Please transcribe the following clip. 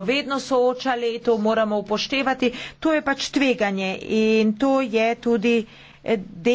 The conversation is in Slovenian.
vedno soočali, to moramo upoštevati, to je pač tveganje in to je tudi del. Eh,